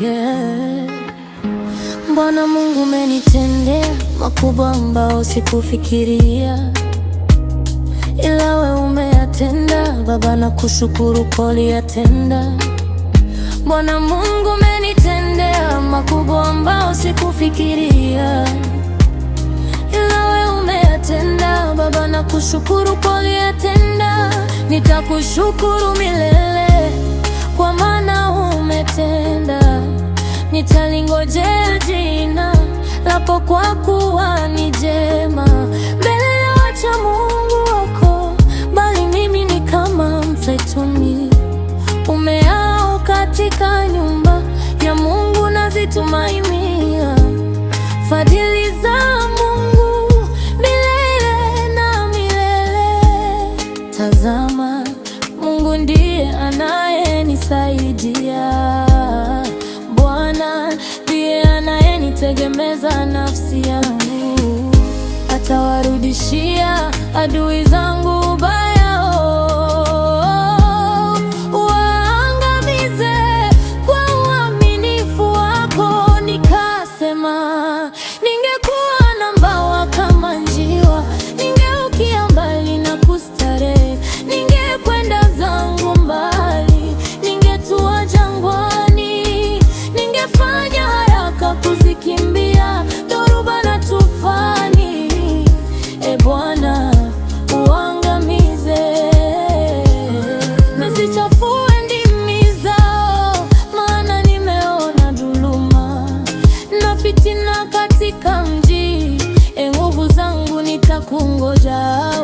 mbwana Bwana Mungu umenitendea makubwa ambao sikufikiria, ila we umeyatenda. Baba na kushukuru poliyatenda. Bwana Mungu umenitendea makubwa ambao sikufikiria, ila we umeyatenda. Baba na kushukuru poliyatenda. Nitakushukuru milele kwa maana umetenda nitalingojea jina lako kwa kuwa ni jema mbele ya wacha Mungu wako, bali mimi ni kama mzeituni umeao katika nyumba ya Mungu, nazitumainia fadhili za Mungu milele na milele. Tazama, Mungu ndiye anayenisaidia kuisemeza nafsi yangu, atawarudishia adui zangu sina katika mji, e, nguvu zangu nitakungoja.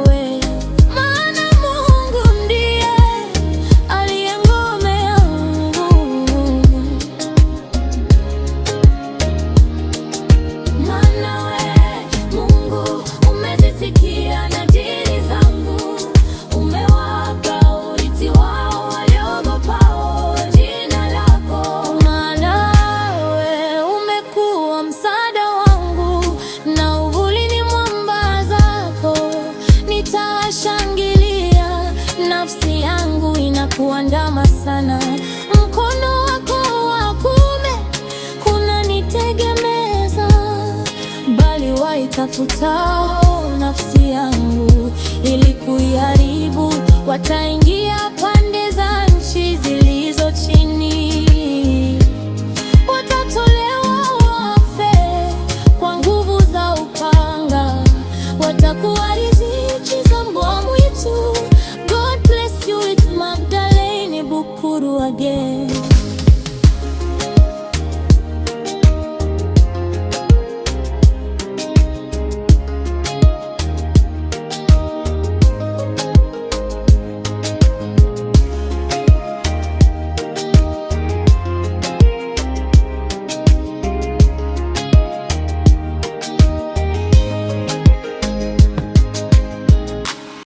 waitafutao nafsi yangu ili kuiharibu, wataingia pande za nchi zilizo chini, watatolewa wafe kwa nguvu za upanga, watakuwa riziki za mbwa mwitu. God bless you, it's Magdalene Bukuru again.